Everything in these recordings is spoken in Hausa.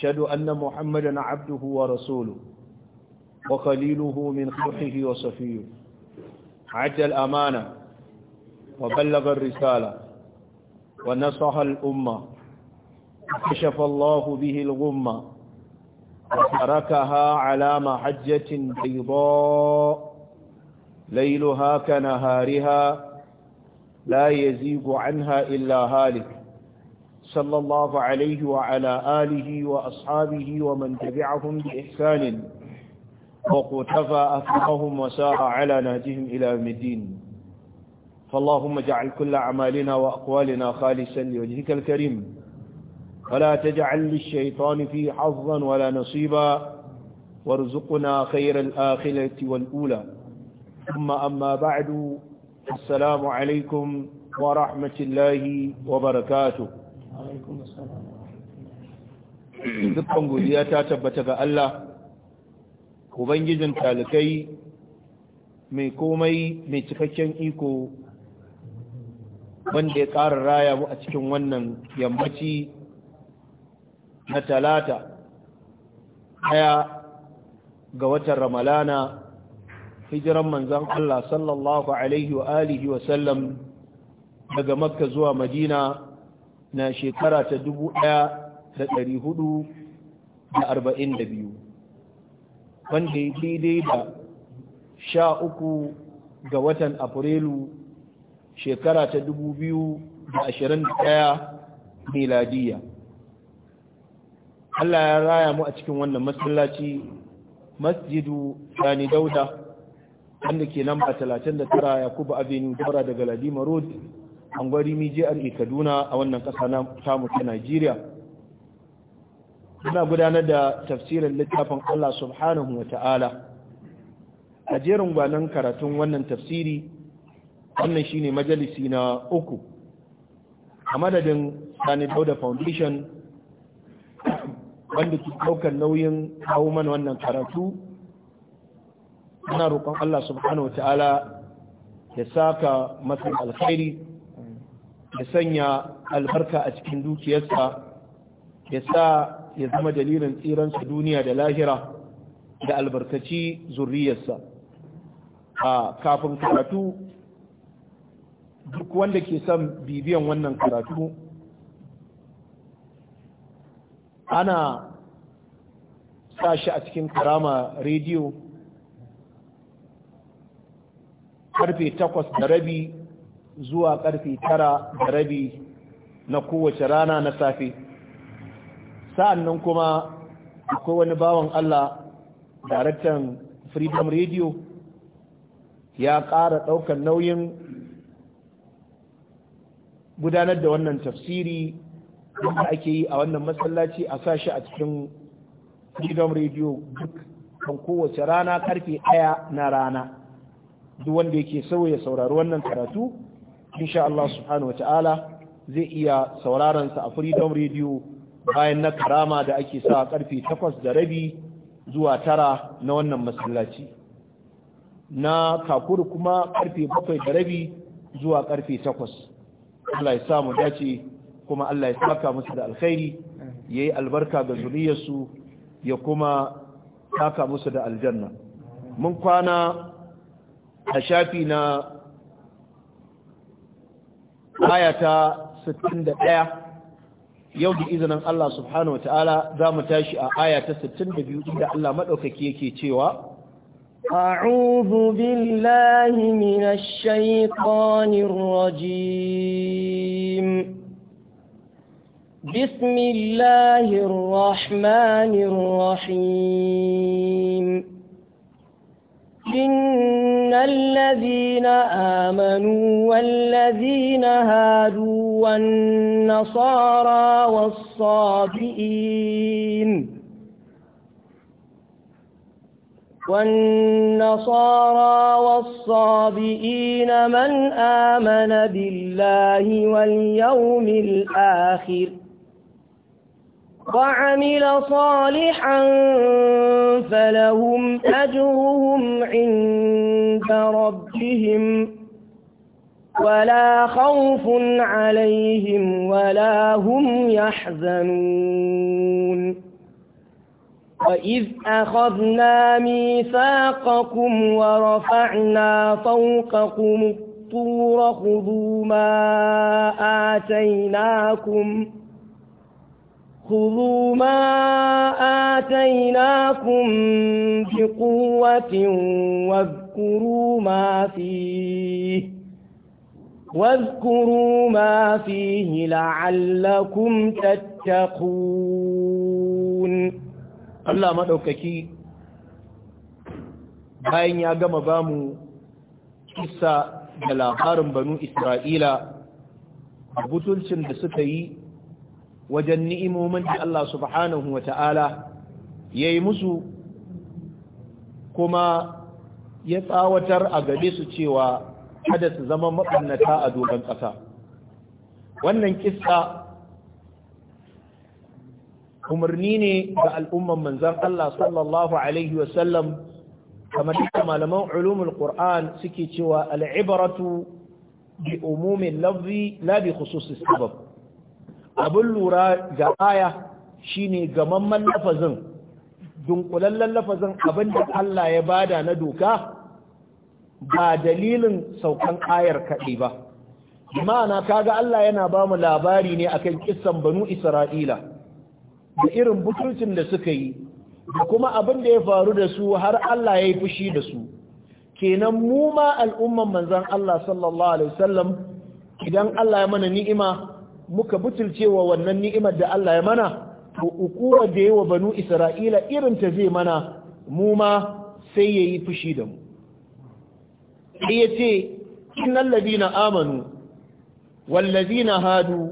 أشهد أن محمدا عبده ورسوله وخليله من خلقه وصفيه عد الأمانة وبلغ الرسالة ونصح الأمة كشف الله به الغمة وتركها على محجة بيضاء ليلها كنهارها لا يزيغ عنها إلا هالك صلى الله عليه وعلى آله وأصحابه ومن تبعهم بإحسان وقتفى أفقهم وسار على نهجهم إلى الدين فاللهم اجعل كل أعمالنا وأقوالنا خالصا لوجهك الكريم ولا تجعل للشيطان فيه حظا ولا نصيبا وارزقنا خير الآخرة والأولى ثم أما بعد السلام عليكم ورحمة الله وبركاته dukkan godiya ta tabbata ga Allah ubangijin talikai mai komai mai cikakken iko wanda ya ƙara raya mu a cikin wannan yammaci na talata ɗaya ga watan ramalana hijiran manzan Allah sallallahu alaihi daga makka zuwa madina na shekara ta dubu ɗaya da ɗari hudu da arba'in da biyu wanda ya daidai da sha uku ga watan afrilu shekara ta dubu biyu da ashirin da ɗaya miladiya Allah ya raya mu a cikin wannan masallaci masjidu sani dauda wanda ke namba 39 yakubu avenue daura daga ladima road angwarimi jihar kaduna a wannan kasa na tamu ta najeriya suna gudanar da tafsirin littafin allah subhanahu wa ta'ala a jerin gwanon karatun wannan tafsiri wannan shine majalisi na uku a madadin sani dauda foundation wanda ke ɗaukar nauyin kawo mana wannan karatu ana roƙon allah subhanahu wa ta'ala ya saka masu alkhairi ya sanya albarka a cikin dukiyarsa ya sa ya zama dalilin tsiransa duniya da lahira da albarkaci zurriyarsa a kafin karatu duk wanda ke son bibiyan wannan karatu ana sa shi a cikin karama rediyo karfe takwas da rabi zuwa karfe tara da rabi na kowace rana na safe sa'annan kuma akwai wani bawan Allah daraktan freedom radio ya ƙara ɗaukar nauyin gudanar da wannan tafsiri da ake yi a wannan masallaci a sashi a cikin freedom radio duk kan kowace rana karfe ɗaya na rana duk wanda yake so ya saurari wannan karatu insha Allah subhanahu wa ta'ala zai iya sauraron sa a Freedom Radio bayan na karama da ake sa a karfe 8 da rabi zuwa tara na wannan masallaci na kakuru kuma karfe 7 da rabi zuwa karfe 8 Allah ya sa dace kuma Allah ya saka musu da alkhairi yayi albarka ga zuriyarsu ya kuma saka musu da aljanna mun kwana a shafi na aya ta 61 yau da izinin Allah subhanahu wataala za mu tashi a aya ta 62 inda Allah madaukaki yake cewa أعوذ بالله من الشيطان الرجيم بسم الله الرحمن الرحيم إن الذين آمنوا والذين هادوا والنصارى والصابئين والنصارى والصابئين من آمن بالله واليوم الآخر وعمل صالحا فلهم أجرهم عند ربهم ولا خوف عليهم ولا هم يحزنون وَإِذْ أَخَذْنَا مِيثَاقَكُمْ وَرَفَعْنَا فَوْقَكُمُ الطُّورَ خُذُوا مَا آتَيْنَاكُمْ ۖ خذوا ما آتيناكم بقوة واذكروا ما فيه واذكروا ما فيه لعلكم تتقون الله ما دوكاكي bayan ya gama bamu kissa da labarin banu Isra'ila a butulcin da suka yi wajen ni'imomin da Allah subhanahu wa ta'ala ya yi musu kuma ya tsawatar a gabe su cewa kada su zama maɓannata a dogon ƙasa wannan kissa umarni ne ga al'umman manzan Allah sallallahu Alaihi wasallam kamar duka malaman ulumul Qur'an suke cewa al'ibaratu bi umumin labi khususis sabab abin lura ga aya shine gamamman lafazin dunkulallen lafazin abin da Allah ya bada na doka ba dalilin saukan ayar kaɗai ba ma'ana kaga Allah yana ba mu labari ne akan kisan banu Isra'ila da irin butulcin da suka yi da kuma abin da ya faru da su har Allah ya yi fushi da su kenan mu ma al'umman manzon Allah sallallahu alaihi wasallam idan Allah ya mana ni'ima muka butulcewa wannan ni'imar da Allah ya mana to ukuwa da yawa banu Isra'ila irin ta zai mana mu ma sai yayi fushi da mu sai yace innal ladina amanu wal ladina hadu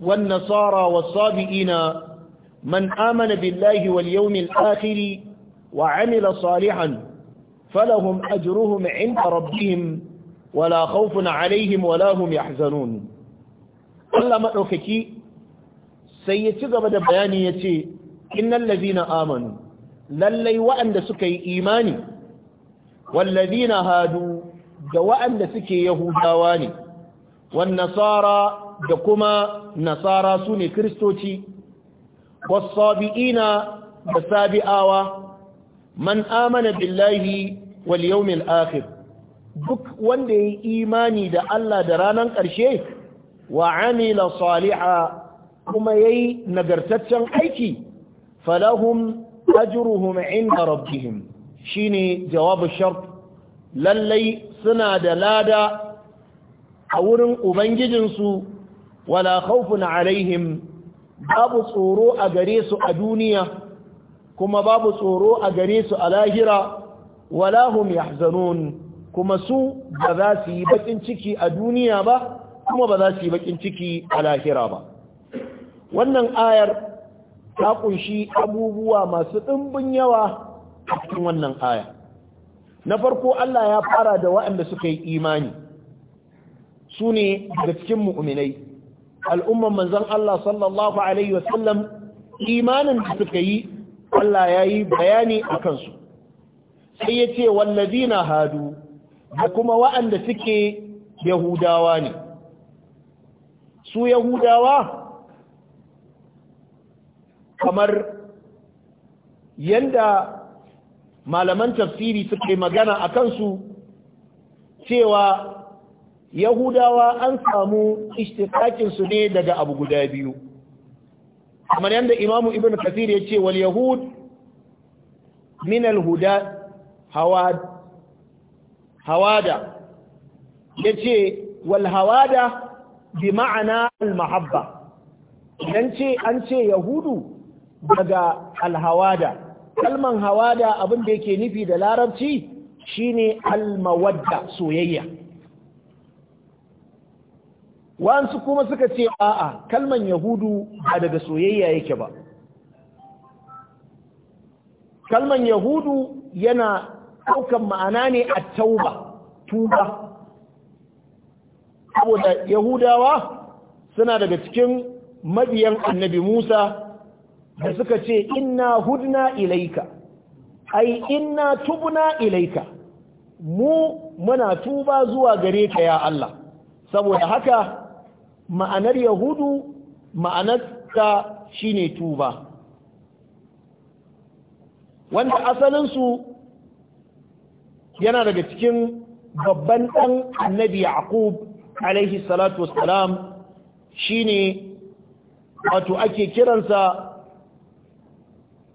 wan nasara was sabiina man amana billahi wal yawmil akhir wa amila salihan falahum ajruhum 'inda rabbihim wala خوف عليهم wala hum yahzanun Allah maɗaukaki sai ya ci gaba da bayani ya ce innal na amanu lallai waɗanda suka yi imani wallazina hadu da waɗanda suke yahudawa ne wan nasara da kuma nasara su ne kristoci wasabi'ina da sabi'awa man amana billahi wal yawmil akhir duk wanda ya yi imani da Allah da ranar ƙarshe wa amila saliha kuma yayi nagartaccen aiki falahum ajruhum inda rabbihim shine jawabu shart lallai suna da lada a wurin ubangijinsu wala khawfun alaihim babu tsoro a gare su a duniya kuma babu tsoro a gare su a lahira wala hum yahzanun kuma su ba za su yi bakin ciki a duniya ba kuma ba za su yi bakin ciki a lahira ba wannan ayar ta kunshi abubuwa masu ɗimbin yawa a cikin wannan aya na farko Allah ya fara da waɗanda suka yi imani su ne daga cikin mu'minai al'umman manzon Allah sallallahu alaihi wasallam imanin da suka yi Allah ya yi bayani a kansu sai ya ce na hadu da kuma waɗanda suke yahudawa ne su yahudawa kamar yanda malaman tafsiri suke magana a kansu cewa yahudawa an samu su ne daga abu guda biyu kamar yadda imamu ibn kathir ya ce wal yahud min al huda hawada ya ce wal hawada bi ma'ana al-mahabba idan ce an ce yahudu daga alhawada kalman hawada abin da yake nufi da larabci shine almawadda soyayya wasu kuma suka ce a'a kalman yahudu ba daga soyayya yake ba kalman yahudu yana ɗaukan ma'ana ne a tauba tuba saboda yahudawa suna daga cikin mabiyan annabi musa da suka ce inna hudna ilaika ai inna tubna ilaika mu muna tuba zuwa gare ka ya Allah saboda haka ma'anar yahudu ma'anarta shine tuba wanda asalinsu yana daga cikin babban ɗan annabi yaqub alaihi salatu wassalam shine wato ake kiransa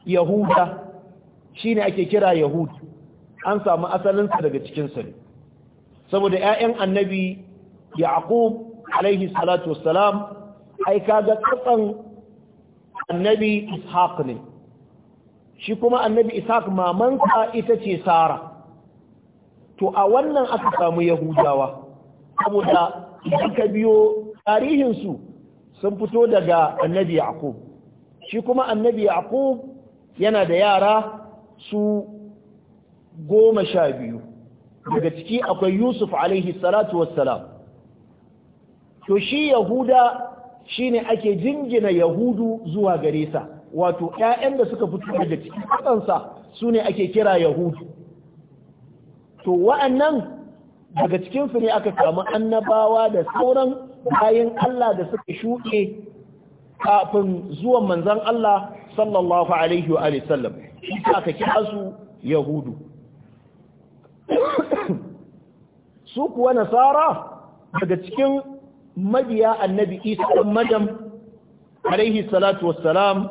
yahuda shine ake kira yahud an samu asalinsa daga cikinsa ne saboda 'ya'yan annabi yaqub alaihi salatu wassalam ai ga ƙasan annabi ishaq ne shi kuma annabi ishaq mamansa ita ce sara to a wannan aka samu yahudawa saboda idan ka biyo tarihinsu sun fito daga annabi yaqub shi kuma annabi yaqub yana da yara su goma sha biyu daga ciki akwai yusuf alaihi salatu wassalam to shi yahuda shine ake jingina yahudu zuwa gare sa wato ƴaƴan da suka fito daga cikin kansa su ne ake kira yahudu to wa'annan daga cikinsu ne aka samu annabawa da sauran bayan Allah da suka shuke kafin zuwan manzan Allah sallallahu alaihi wa sallam shi aka kira su yahudu su kuwa nasara daga cikin mabiya annabi isa ɗan madam alaihi salatu wassalam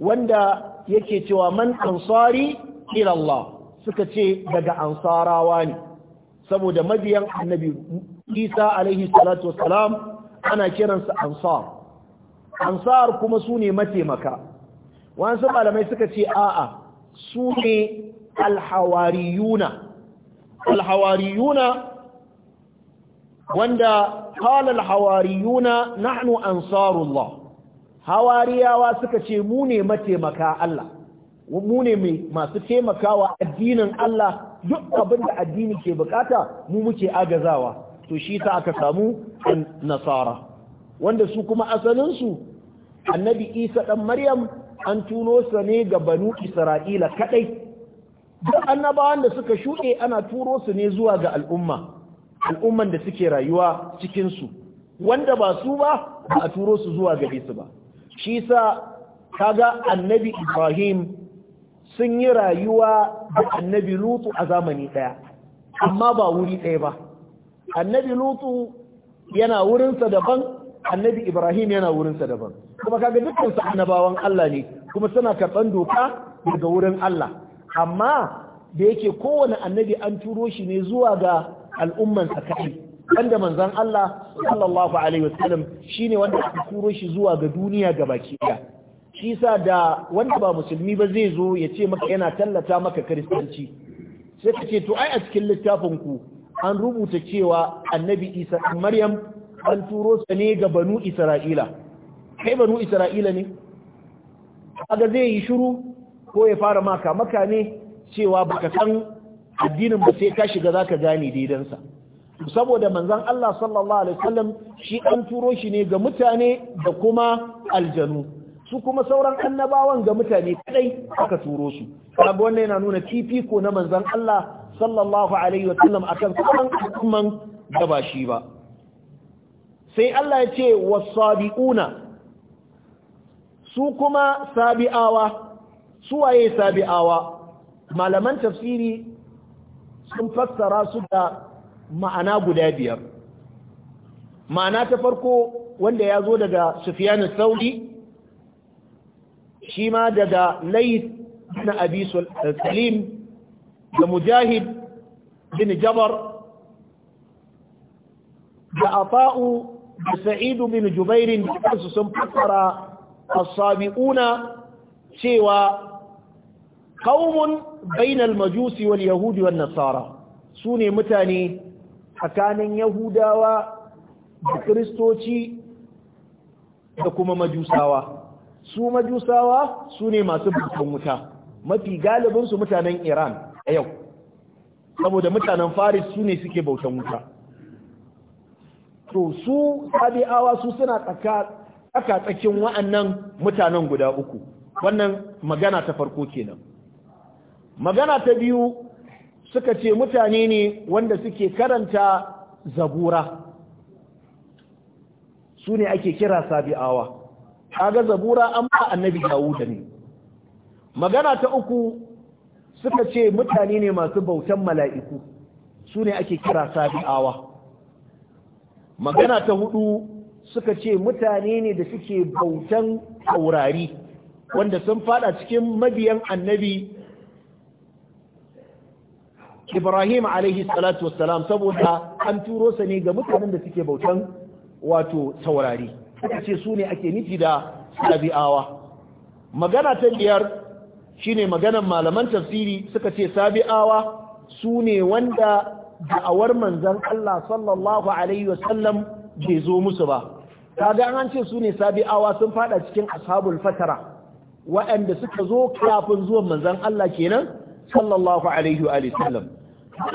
wanda yake cewa man ansari ila Allah suka ce daga ansarawa ne saboda mabiyan annabi isa alaihi salatu wassalam ana kiransa ansar ansar kuma su ne mataimaka wasu malamai suka ce a'a su ne alhawariyuna alhawariyuna wanda kala alhawariyuna nahnu ansarullah hawariyawa suka ce mu ne mataimaka Allah mu ne masu taimakawa addinin Allah duk abin da addini ke bukata mu muke agazawa to shi ta aka samu nasara wanda su kuma asalinsu annabi isa ɗan maryam an tuno sa ne ga banu isra'ila kaɗai duk annabawan da suka shuɗe ana turo su ne zuwa ga al'umma al'umman da suke rayuwa cikinsu wanda ba su ba ba a turo su zuwa gare su ba shi sa kaga annabi ibrahim sun yi rayuwa da annabi lutu a zamani ɗaya amma ba wuri ɗaya ba annabi lutu yana wurinsa daban annabi ibrahim yana wurinsa daban kuma kaga dukkansu annabawan allah ne kuma suna karɓan doka daga wurin allah amma da yake kowane annabi an turo shi ne zuwa ga al'ummansa kaɗai wanda manzan allah sallallahu alaihi wasallam shine wanda aka turo shi zuwa ga duniya gabaki ɗaya shi sa da wanda ba musulmi ba zai zo ya ce maka yana tallata maka kiristanci sai ka ce to ai a cikin littafin ku an rubuta cewa annabi isa maryam an turo sa ne ga banu isra'ila kai banu isra'ila ne kaga zai yi shiru ko ya fara maka maka ne cewa baka san addinin ba sai ka shiga zaka gane daidansa saboda manzon Allah sallallahu alaihi wasallam shi an turo shi ne ga mutane da kuma aljanu su kuma sauran annabawan ga mutane kadai aka turo su abu wannan yana nuna fifiko na manzon Allah sallallahu alaihi wa sallam akan sauran al'umman da ba shi ba sai Allah ya ce wasabiuna su kuma sabi'awa su waye sabi'awa malaman tafsiri sun fassara su da ma'ana guda biyar ma'ana ta farko wanda ya zo daga Sufyan sauri shi ma daga Lait na abi eh, salim da mujahid bin jabar da afa'u da sa'idu bin jubairin da kansu sun fassara a sabiquna cewa qaumun bainal majusi wal yahudi wan nasara sune mutane tsakanin yahudawa da kiristoci da kuma majusawa su majusawa su ne masu bautan wuta mafi galibinsu mutanen iran a yau saboda mutanen faris su ne suke bautan wuta to su sabi'awa su suna tsaka tsakin wa'annan mutanen guda uku wannan magana ta farko kenan magana ta biyu suka ce mutane ne wanda suke karanta zabura su ne ake kira sabi'awa kaga zabura an ba annabi dawuda ne magana ta uku suka ce mutane ne masu bautan mala'iku su ne ake kira sabi'awa magana ta hudu suka ce mutane ne da suke bautan taurari wanda sun fada cikin mabiyan annabi ibrahim alaihi salatu wassalam saboda an turo sa ne ga mutanen da suke bautan wato taurari suka ce su ne ake nufi da sabi'awa magana ta biyar shine maganan malaman tafsiri suka ce sabi'awa su ne wanda da'awar manzan Allah sallallahu alaihi wasallam bai zo musu ba kaga an ce su ne sabi'awa sun fada cikin ashabul fatara waɗanda suka zo kafin zuwan manzan Allah kenan sallallahu alaihi wa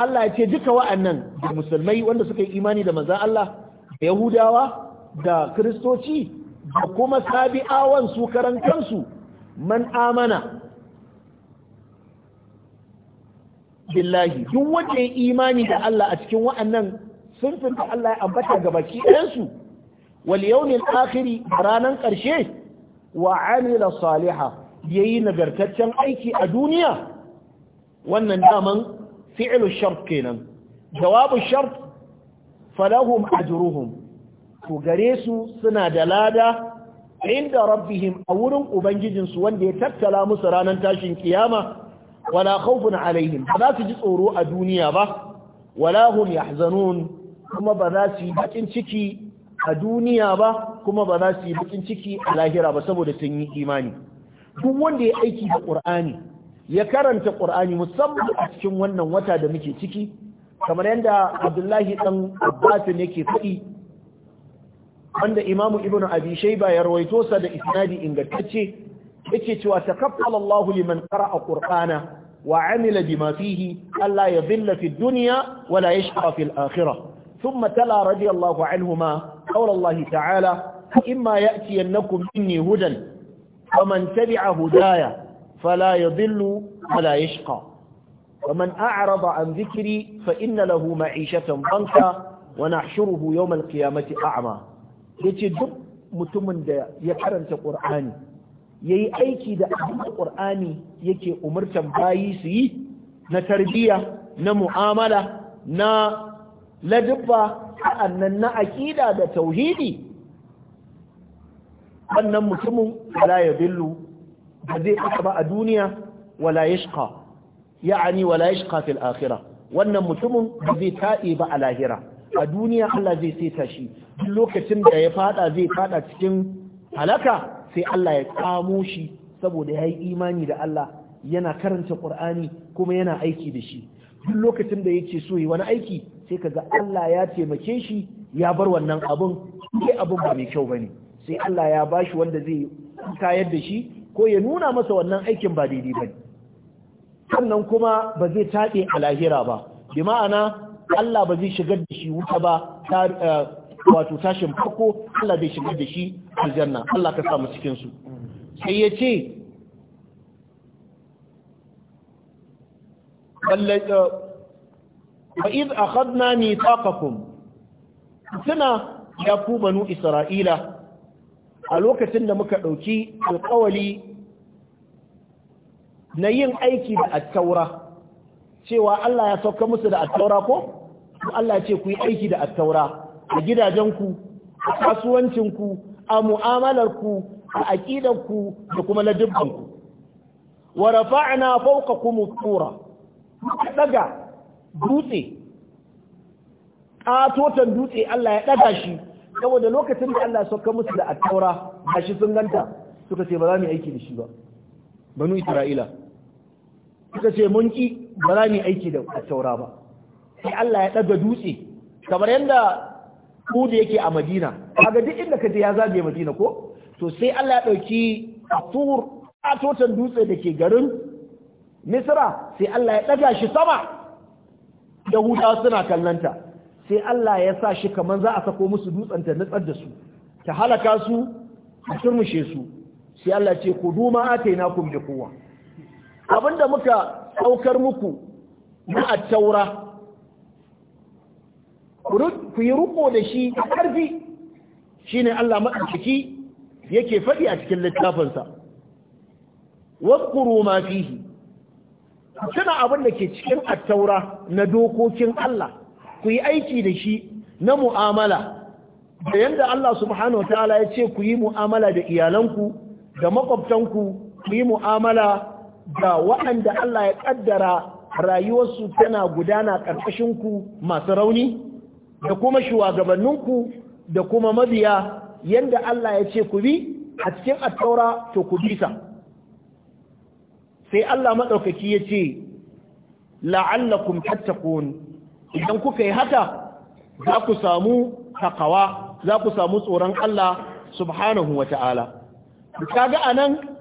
Allah ya ce duka wa'annan da musulmai wanda suka yi imani da manzan Allah da Yahudawa da kristoci da kuma sabi'awan su karantarsu man amana billahi duk wanda ya imani da Allah a cikin wa'annan sunfin da Allah ya ambata ga baki ɗayansu wal yawmil ranar ƙarshe wa amila saliha yayi nagartaccen aiki a duniya wannan daman fi'ilu shart kenan jawabu shart falahum ajruhum to gare su suna da lada inda rabbihim a wurin ubangijinsu wanda ya tattala musu ranar tashin kiyama wala khawfun alaihim ba su ji tsoro a duniya ba wala hum yahzanun kuma ba za su yi bakin ciki a duniya ba kuma ba za su yi bakin ciki a lahira ba saboda sun yi imani duk wanda ya aiki da qur'ani ya karanta qur'ani musamman a cikin wannan wata da muke ciki kamar yadda Abdullahi dan Abbas ne ke faɗi wanda imamu ibn abi shayba ya rawaito sa da isnadi ingantacce yace cewa takaffala Allahu liman qara'a qur'ana wa 'amila bima fihi alla yadhilla fi dunya wa la yashqa fi al-akhirah thumma tala radiyallahu anhuma qawla Allah ta'ala imma ya'tiyannakum minni hudan faman tabi'a hudaya fala yadhillu wa la yashqa ومن zikiri عن ذكري فإن له banka ضنكا ونحشره يوم القيامة أعمى ya ce duk mutumin da ya karanta ƙur'ani ya yi aiki da abin ƙur'ani yake umurtan bayi su yi na tarbiyya na mu'amala na ladubba sa'annan na aƙida da tauhidi wannan mutumin wala ya billu ba zai ɓata ba a duniya wala ya shƙa ya'ani wala ya shƙa fil akhira wannan mutumin ba zai taɗe ba a lahira a duniya Allah zai saita shi duk lokacin da ya fada zai fada cikin halaka sai Allah ya kamo shi saboda ya yi imani da Allah yana karanta Qur'ani kuma yana aiki da shi duk lokacin da yake so yi wani aiki sai kaga Allah ya taimake shi ya bar wannan abun sai abun ba mai kyau bane sai Allah ya bashi wanda zai kayar da shi ko ya nuna masa wannan aikin ba daidai bane sannan kuma ba zai taɗe a lahira ba bi ma'ana Allah ba zai shigar da shi wuta ba eh, wato tashin farko Allah bai shigar da shi aljanna Allah ka samu cikin su sai ya ce eh, wa iz akhadna mithaqakum sana ya ku banu isra'ila a lokacin da muka dauki alƙawali na yin aiki da at-taura cewa Allah ya sauka musu da attaura ko Allah ce ku yi aiki da attaura a gidajenku a kasuwancinku a mu'amalarku a aqidanku da kuma ladabbanku wa rafa'na fawqakum at-tura daga dutse katotan dutse Allah ya daga shi saboda lokacin da Allah ya sauka musu da attaura shi sun ganta suka ce ba za mu aiki da shi ba banu isra'ila suka ce mun ki ba za mu aiki da taura ba sai Allah ya daga dutse kamar yadda ku yake a Madina kaga duk inda ka je ya zage Madina ko to sai Allah ya dauki tur atotan dutse da ke garin Misra sai Allah ya daga shi sama Da huta suna kallanta sai Allah ya sa shi kamar za a sako musu dutsen ta nutsar da su ta halaka su a turmushe su sai Allah ce ku duma ku bi quwwa abinda muka ɗaukar muku na attaura ku yi ruko da shi a ƙarfi shi ne Allah maɗaukaki yake faɗi a cikin littafinsa wakuru ma fihi tana abin da ke cikin attaura na dokokin Allah ku yi aiki da shi na mu'amala da yadda Allah subhanahu wa ta'ala ya ce ku yi mu'amala da iyalanku da makwabtanku ku yi mu'amala Da waɗanda Allah ya ƙaddara rayuwarsu tana gudana ƙarƙashinku masu rauni da kuma shugabanninku da kuma mabiya yadda Allah ya ce ku bi a cikin attaura to ku bisa sai Allah maɗaukaki ya ce la'allakum tattaqun idan kuka yi haka za ku samu takawa za ku samu tsoron Allah subhanahu wa ta'ala ka ga anan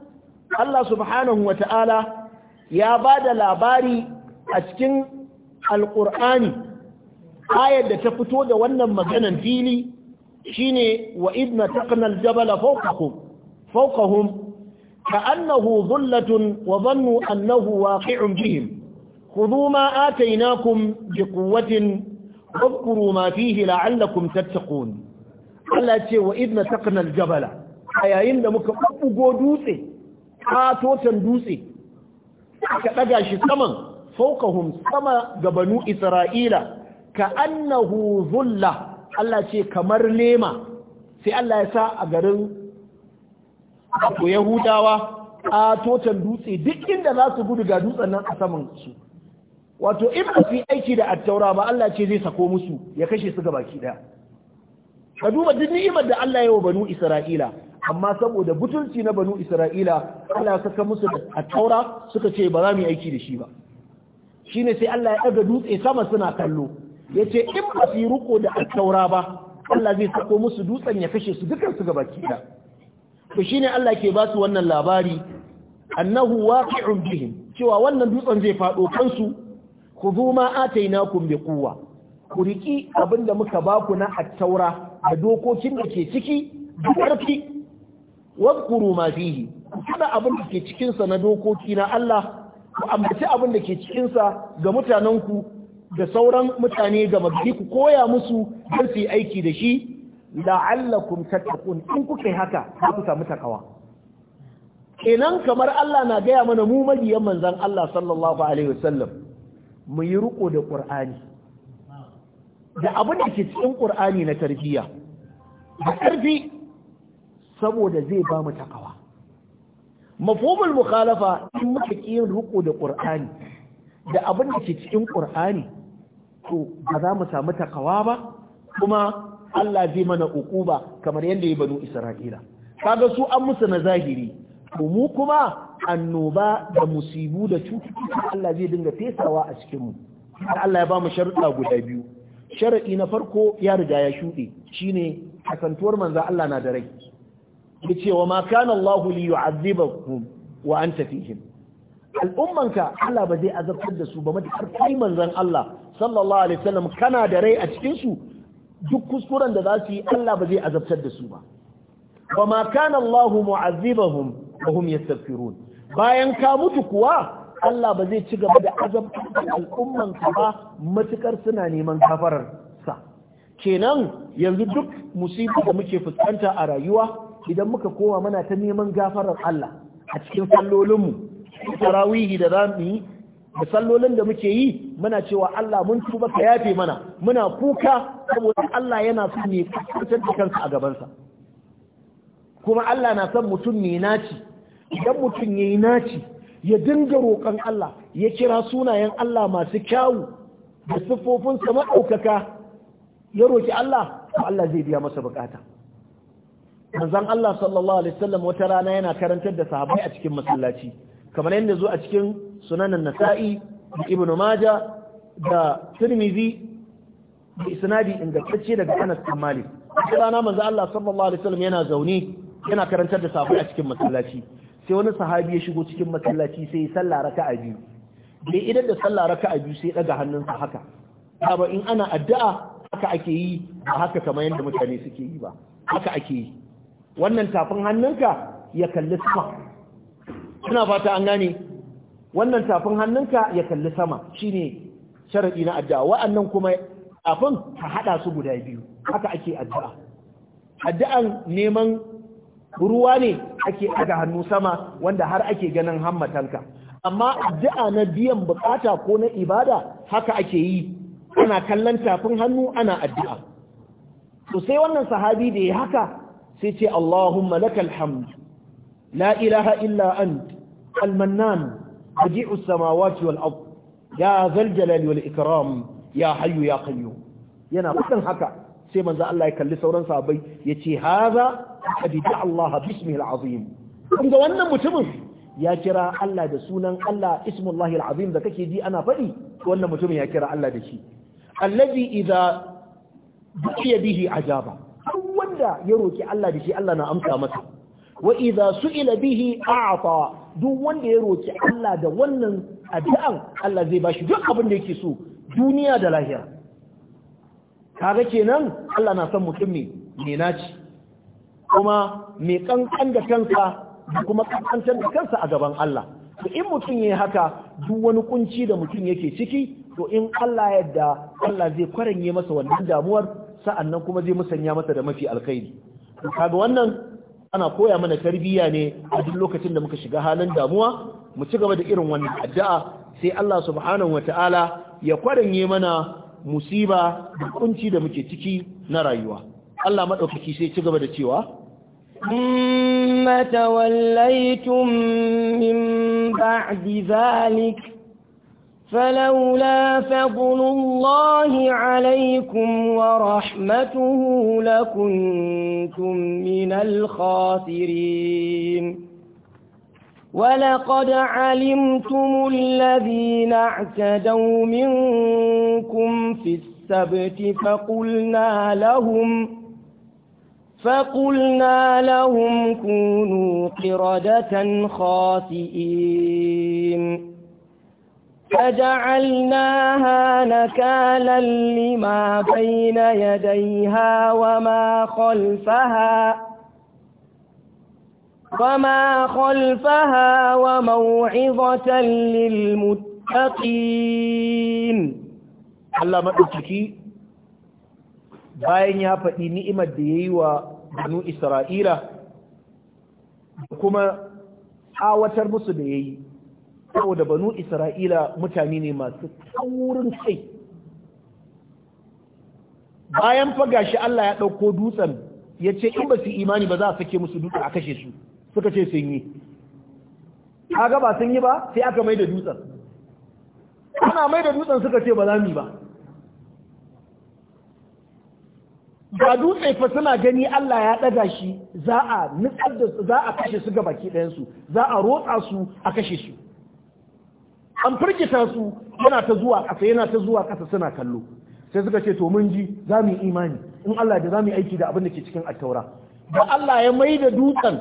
Allah subhanahu wa ta'ala ya ba da labari a cikin alƙur'ani ayar da ta fito da wannan maganan fili shine wa idna taqnal jabala fawqahum fawqahum ka'annahu dhullatun wa dhannu annahu waqi'un bihim khudhu ma ataynakum biquwwatin wadhkuru ma fihi la'allakum tattaqun Allah ce wa idna taqnal jabala a yayin da muka bubbugo dutse katotan dutse ka ɗaga shi saman faukahum sama ga banu isra'ila ka annahu zulla Allah ce kamar lema sai Allah ya sa a garin ko yahudawa katotan dutse duk inda za su gudu ga dutsen nan a saman su wato in ba su yi aiki da attaura ba Allah ce zai sako musu ya kashe su baki daya ka duba duk ni'imar da Allah ya wa banu Isra'ila amma saboda butulci na banu isra'ila Allah saka musu da taura suka ce ba za mu yi aiki da shi ba shine sai Allah ya daga dutse sama suna kallo yace in ba su yi riko da taura ba Allah zai sako musu dutsen ya kashe su dukan su baki da to shine Allah ke ba su wannan labari annahu waqi'un bihim cewa wannan dutsen zai fado kansu khudhu ma atainakum biquwa ku riki abinda muka ba ku na attaura taura da dokokin da ke ciki da ƙarfi wadhkuru ma fihi kada abin da ke cikin sa na dokoki na Allah ku ambaci abin da ke cikin sa ga mutanen da sauran mutane ga magidi ku koya musu don su yi aiki da shi la'allakum tattaqun in kuka yi haka za ku samu takawa kenan kamar Allah na gaya mana mu mabiyan manzon Allah sallallahu alaihi wasallam mu yi riko da Qur'ani da abin da ke cikin Qur'ani na tarbiyya da karfi saboda zai ba mu takawa mafhumul mukhalafa in muka kiyin ruku da qur'ani da abin da ke cikin qur'ani to ba za mu samu takawa ba kuma Allah zai mana ukuba kamar yadda ya banu Isra'ila kaga su an musu na zahiri to mu kuma annoba da musibu da cututtuka Allah zai dinga fesawa a cikin mu Allah ya ba mu sharuɗa guda biyu sharaɗi na farko ya riga ya shuɗe shine kasantuwar manzo Allah na da rai yace wa ma kana Allahu li yu'adhibakum wa anta fihim al'ummanka Allah ba zai azabtar da su ba matakar kai manzon Allah sallallahu alaihi wasallam kana da rai a cikin su duk kuskuren da za su yi Allah ba zai azabtar da su ba wa ma kana Allahu mu'azzibahum wa hum yastaghfirun bayan ka mutu kuwa Allah ba zai ci gaba da azabtar da al'ummanka ba matukar suna neman kafarar sa kenan yanzu duk musibi da muke fuskanta a rayuwa idan muka koma mana ta neman gafarar Allah a cikin sallolinmu tarawihi da rami da sallolin da muke yi muna cewa Allah mun tuba ka yafe mana muna kuka saboda Allah yana so ne kusantar da kansa a gabansa kuma Allah na san mutum ne naci idan mutum ya yi naci ya dinga roƙon Allah ya kira sunayen Allah masu kyawu da siffofinsa maɗaukaka ya roƙi Allah Allah zai biya masa buƙata. manzon Allah sallallahu alaihi wasallam wata rana yana karantar da sahabai a cikin masallaci kamar yadda zo a cikin sunanan nasa'i da ibn maja da tirmizi da isnadi ingantacce daga anas bin malik wata rana manzan Allah sallallahu alaihi wasallam yana zaune yana karantar da sahabai a cikin masallaci sai wani sahabi ya shigo cikin masallaci sai ya sallah raka'a biyu da idan da sallah raka'a biyu sai daga hannunsa haka ba in ana addu'a haka ake yi ba haka kamar yadda mutane suke yi ba haka ake yi wannan tafin hannunka ya kalli sama Suna fata an gane wannan tafin hannunka ya kalli sama shine sharaɗi na addu'a wa'annan kuma tafin ka haɗa su guda biyu haka ake addu'a addu'an neman ruwa ne ake aga hannu sama wanda har ake ganin hammatanka amma addu'a na biyan bukata ko na ibada haka ake yi ana kallon tafin hannu ana addu'a sosai wannan sahabi da ya haka sai ce Allahumma lakal hamd la ilaha illa an al-mannan badi'us samawati wal ya zal jalali wal ikram ya hayyu ya kanyo yana fadan haka sai manzan Allah ya kalli sauran ya ce haza adida Allah bismihi al-azim kun ga wannan mutumin ya kira Allah da sunan Allah ismullahi al-azim da kake ji ana faɗi wannan mutumin ya kira Allah da shi allazi idza du'iya bihi ajaba wanda ya roki Allah da shi Allah na amsa masa wa idza su'ila bihi a'ta duk wanda ya roki Allah da wannan addu'an Allah zai bashi duk abin da yake so duniya da lahira kaga kenan Allah na san mutum ne ne naci kuma mai kankan da kansa kuma kankan da kansa a gaban Allah to in mutum yayi haka duk wani kunci da mutum yake ciki to in Allah yadda Allah zai kwaranye masa wannan damuwar sa'annan kuma zai musanya masa da mafi alkhairi kaga wannan ana koya mana tarbiyya ne a duk lokacin da muka shiga halin damuwa mu ci gaba da irin wannan addu'a sai Allah subhanahu wa ta'ala ya kwaranye mana musiba da kunci da muke ciki na rayuwa Allah maɗaukaki sai ci gaba da cewa ثم توليتم min بعد فلولا فضل الله عليكم ورحمته لكنتم من الخاسرين ولقد علمتم الذين اعتدوا منكم في السبت فقلنا لهم فقلنا لهم كونوا قردة خاسئين فجعلناها نكالا لما بين يديها وما خلفها وما خلفها وموعظة للمتقين Allah maɗaukaki bayan ya faɗi ni'imar da ya wa banu Isra'ila da kuma awatar musu da ya saboda banu isra'ila mutane ne masu taurin kai bayan faga shi Allah ya ɗauko dutsen ya ce in ba su imani ba za a sake musu dutsen a kashe su suka ce sun yi kaga ba sun yi ba sai aka mai da dutsen ana mai da dutsen suka ce ba za mu yi ba ga dutse fa suna gani Allah ya ɗaga shi za a nutsar da za a kashe su ga baki ɗayansu za a rotsa su a kashe su an firgita su yana ta zuwa ƙasa yana ta zuwa ƙasa suna kallo sai suka ce to mun ji za mu yi imani in Allah da za mu yi aiki da abin da ke cikin attaura da Allah ya mai da dutsen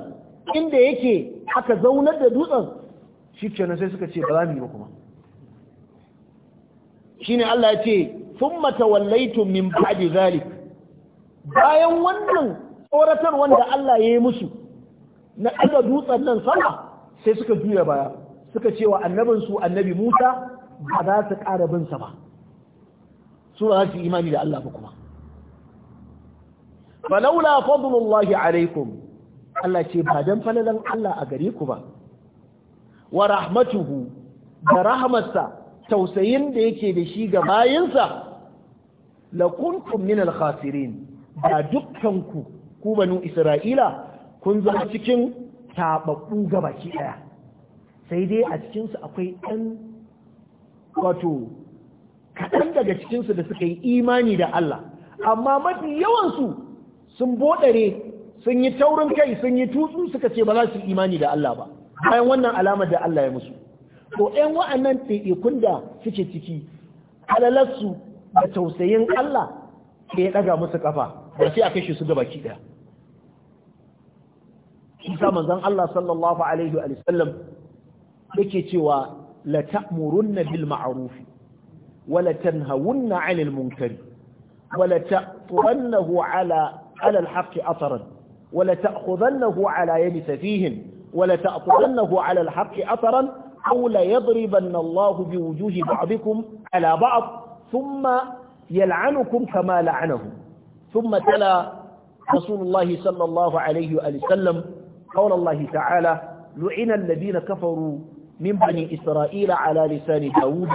inda yake aka zaunar da dutsen shi kenan sai suka ce ba za mu yi ba kuma shine Allah ya ce thumma tawallaytum min ba'di zalik bayan wannan tsoratar wanda Allah ya yi musu na ɗaga dutsen nan sama sai suka juya baya suka ce wa su annabi Musa ba za su ƙara bin sa ba su ba za su imani da Allah ba kuma falaula fadlullahi alaikum Allah ce ba dan falalan Allah a gare ku ba wa rahmatuhu da rahmatsa tausayin da yake da shi ga bayinsa la kuntum min al khasirin da dukkan ku ku banu isra'ila kun zama cikin tababbu gabaki daya sai dai a cikinsu akwai ɗan wato kaɗan daga cikinsu da suka yi imani da Allah amma mafi yawansu sun boɗare sun yi taurin kai sun yi tutsu suka ce ba za su imani da Allah ba bayan wannan alamar da Allah ya musu to ɗan wa'annan ɗaiɗaikun da suke ciki alalarsu da tausayin Allah ke ya ɗaga musu kafa ba sai a kashe su gaba baki ɗaya. Isa manzon Allah sallallahu alaihi wa sallam yake cewa la ta'murunna bil ma'ruf wa la tanhawunna 'anil munkar wa la ta'turannahu 'ala 'ala al haqqi atran wa la ta'khudannahu 'ala yadi safihin wa la ta'turannahu 'ala al haqqi atran aw la yadribanna Allah bi wujuhi ba'dikum 'ala ba'd thumma yal'anukum kama la'anahu thumma tala رسول الله صلى الله عليه وسلم قول الله تعالى لعن الذين كفروا من بني إسرائيل على لسان داود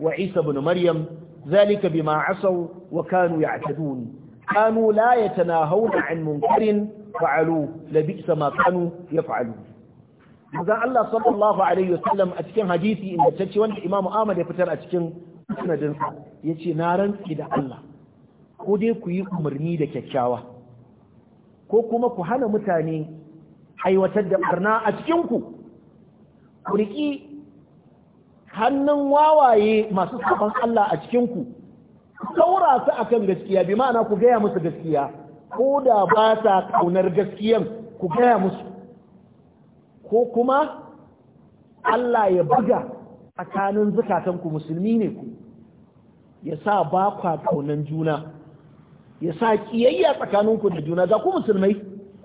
وعيسى بن مريم ذلك بما عصوا وكانوا يعتدون كانوا لا يتناهون عن منكر فعلوه لبئس ما كانوا يفعلون manzon Allah sallallahu alaihi wasallam a cikin hadisi inda tacce wanda Imam Ahmad ya fitar a cikin sanadin sa yace na rantsi da Allah ko dai ku yi umarni da kyakkyawa ko kuma ku hana mutane aiwatar da barna a cikin ku ku hannun wawaye masu sabon Allah a cikinku saura su akan gaskiya bi ma'ana ku gaya musu gaskiya ko da ba ta kaunar gaskiyan ku gaya musu ko kuma Allah ya buga tsakanin zukatanku musulmi ne ku ya sa ba kwa kaunan juna ya sa kiyayya tsakaninku da juna ga ku musulmai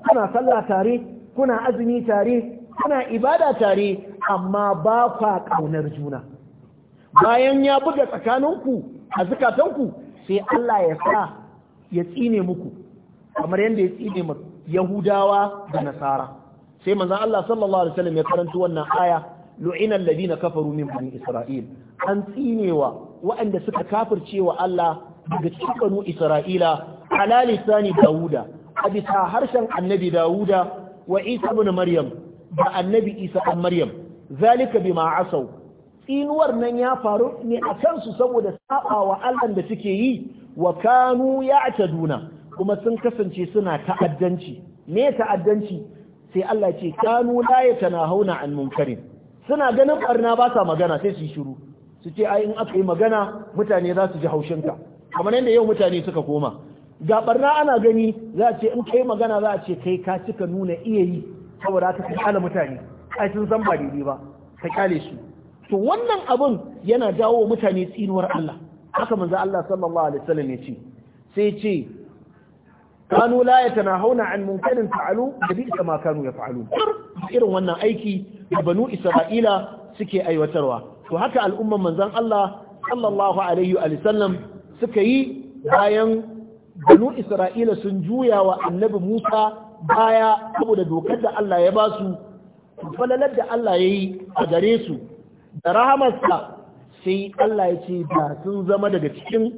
kuna sallah tare kuna azumi tare kuna ibada tare amma ba kwa ƙaunar juna bayan ya buga tsakaninku a zukatanku sai Allah ya sa ya tsine muku kamar yadda ya tsine yahudawa da nasara sai manzon Allah sallallahu alaihi wasallam ya karanta wannan aya lu'ina alladhina kafaru min bani isra'il an tsinewa waɗanda suka kafirce wa Allah daga cikin banu isra'ila ala lisani dauda a bisa harshen annabi dauda wa isa ibn maryam da annabi isa ɗan maryam zalika bima asaw tsinuwar nan ya faru ne a kansu saboda sabawa Allah da suke yi wa kanu ya'taduna kuma sun kasance suna ta'addanci me ta'addanci sai Allah ce kanu la yatanahuna an munkarin suna ganin barna ba sa magana sai su shiru su ce ai in aka yi magana mutane za su ji haushin ka. kamar yadda yau mutane suka koma ga barna ana gani za a ce in kai magana za a ce kai ka cika nuna iya yi saboda ka kana mutane ai sun san ba daidai ba ka kyale su to wannan abun yana jawo mutane tsinuwar Allah haka manzo Allah sallallahu alaihi wasallam ya ce sai ce kanu la na an munkarin fa'alu da bi ma kanu yaf'alu irin wannan aiki da banu Isra'ila suke aiwatarwa to haka al'umman manzon Allah sallallahu alaihi wa sallam suka yi bayan banu Isra'ila sun juya wa annabi Musa baya saboda dokar da Allah ya ba su falalar da Allah ya yi a gare su da rahamarsa sai Allah ya ce da sun zama daga cikin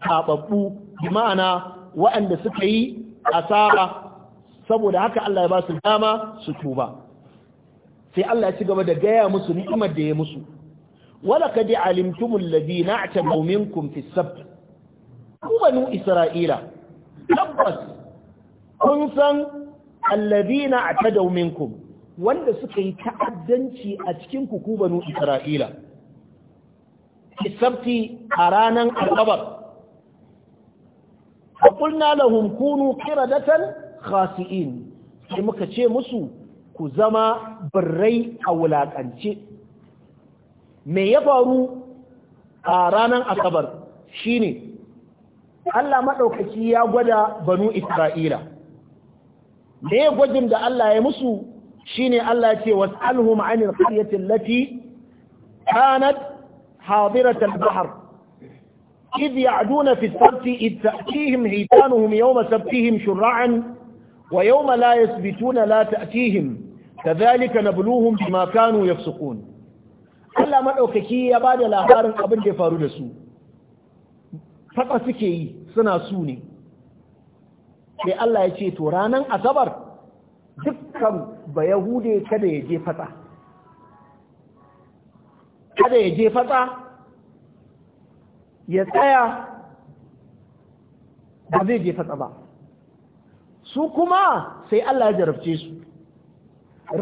haɓaɓɓu bi ma'ana waɗanda suka yi asara saboda haka Allah ya ba su dama su tuba sai Allah ya ci gaba da gaya musu ni'imar da ya musu wala kad alimtumul ladina atamaw minkum fi sabt banu isra'ila tabbas kun san alladina atadaw minkum wanda suka yi ta'addanci a cikin kuku banu isra'ila isabti a ranar al'abar a kulna da hunkunu kiradatan khasi'in sai muka ce musu ku zama birrai a wulaƙance me ya faru a ranar asabar shine Allah maɗaukaki ya gwada banu isra'ila me gwajin da Allah ya musu shine Allah ya ce was'alhum 'anil qaryati allati kanat hadirat al-bahr idh ya'duna fi as-sabti idh ta'tihim hitanuhum yawma sabtihim shur'an wa yawma la yasbituna la ta'tihim kadhalika nabluhum bima kanu yafsukun Allah madaukaki ya bada labarin abin da ya faru da su faka suke yi suna su ne sai Allah ya ce to ranan asabar duk kan ba yahude kada ya je fata kada ya je fata ya tsaya ba zai je fata ba su kuma sai Allah ya jarabce su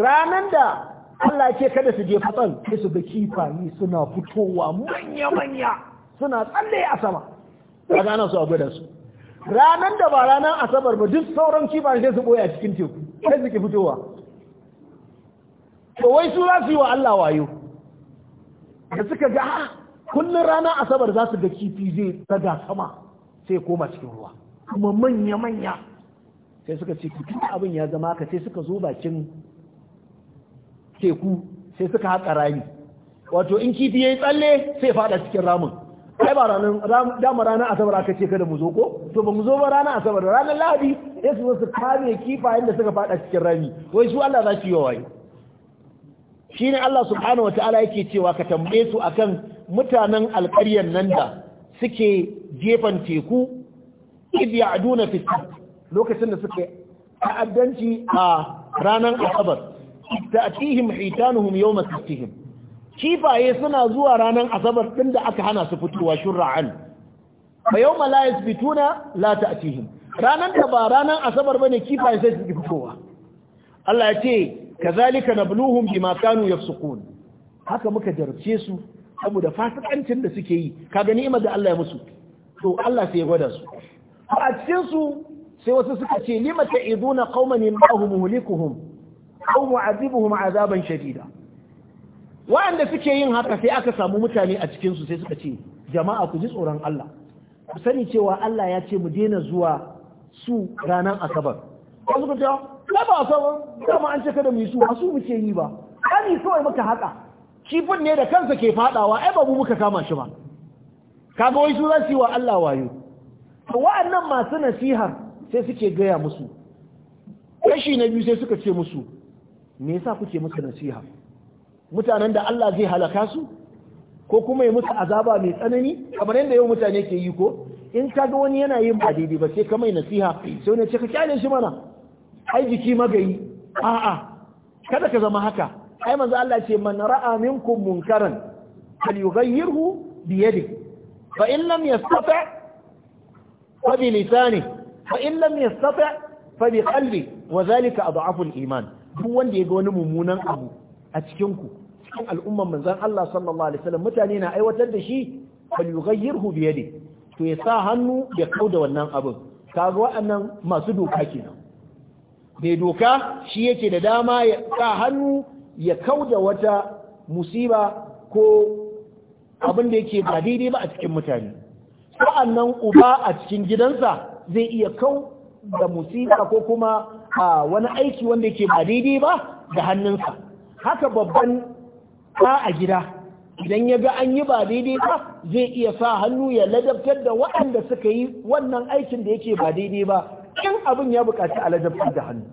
ranan da Allah ke kada su je fatsan sai su ga kifaye suna fitowa manya-manya suna tsalle a sama ba gane su a gudansu ranar da ba ranar asabar ba duk sauran kifaye sai su boya cikin teku sai suke fitowa to wai su za su yi wa Allah wayo da suka ga ah, kullun rana asabar za su ga kifi zai daga sama sai koma cikin ruwa kuma manya manya sai suka ce kifi abin ya zama ka sai suka zo bakin teku sai suka haƙa rami wato in kifi ya yi tsalle sai fada cikin ramin ai ba ranar dama ranar asabar aka ce kada mu zo ko to ba mu zo ba ranar asabar ranar lahadi ya su su kame kifayen da suka fada cikin rami wai su Allah za su yi wa Shi shine Allah subhanahu wataala yake cewa ka tambaye su akan mutanen alƙaryar nan da suke jefan teku id ya'duna fi lokacin da suke ta'addanci a ranar asabar ta'tihim hitanuhum yawma tasihim kifaye suna zuwa ranar asabar ɗin da aka hana su fitowa shur'an fa yawma la yasbituna la ta'tihim Ranar da ba ranar asabar ba ne kifaye sai su fitowa Allah ya ce kazalika nabluhum bima kanu yafsukun haka muka jarce su saboda fasikancin da suke yi ka gani ni'imar da Allah ya musu to Allah sai ya gwada su a cikin su sai wasu suka ce limata izuna qauman yamahum muhlikuhum aw mu'adibuhum azaban shadida waɗanda suke yin haka sai aka samu mutane a cikinsu sai suka ce jama'a ku ji tsoron Allah ku sani cewa Allah ya ce mu daina zuwa su ranar asabar ko suka ce ba ba sauran. dama an ce kada mu yi su ba su muke yi ba ani kawai muka haka kifin ne da kansa ke fadawa ai ba mu muka kama shi ba kaga wai su za yi wa Allah wayo wa'annan masu nasiha sai suke gaya musu kashi na biyu sai suka ce musu me yasa kuke musu nasiha mutanen da Allah zai halaka su ko kuma ya musu azaba mai tsanani kamar yadda yau mutane ke yi ko in ka ga wani yana yin ba daidai ba sai ka mai nasiha sai wani ce ka kyale shi mana ai jiki magayi a'a kada ka zama haka ai manzo Allah ce man ra'a minkum munkaran falyughayyirhu bi yadihi fa in lam yastata fa bi lisanihi fa in lam yastata fa bi qalbi wa dhalika adhafu al-iman duk wanda ya ga wani mummunan abu a cikin ku cikin al'umman manzon Allah sallallahu alaihi wasallam mutane na aiwatar da shi falyughayyirhu bi yadi to ya sa hannu ya kauda wannan abin kaga wa'annan masu doka kenan mai doka shi yake da dama ya sa hannu ya kauda wata musiba ko abin da yake ba daidai ba a cikin mutane sa'annan uba a cikin gidansa zai iya kau da musiba ko kuma a wani aiki wanda yake ba daidai ba da hannunsa haka babban ba a gida idan ya ga an yi ba daidai ba zai iya sa hannu ya ladabtar da waɗanda suka yi wannan aikin da yake ba daidai ba in abin ya buƙaci a ladabtar da hannu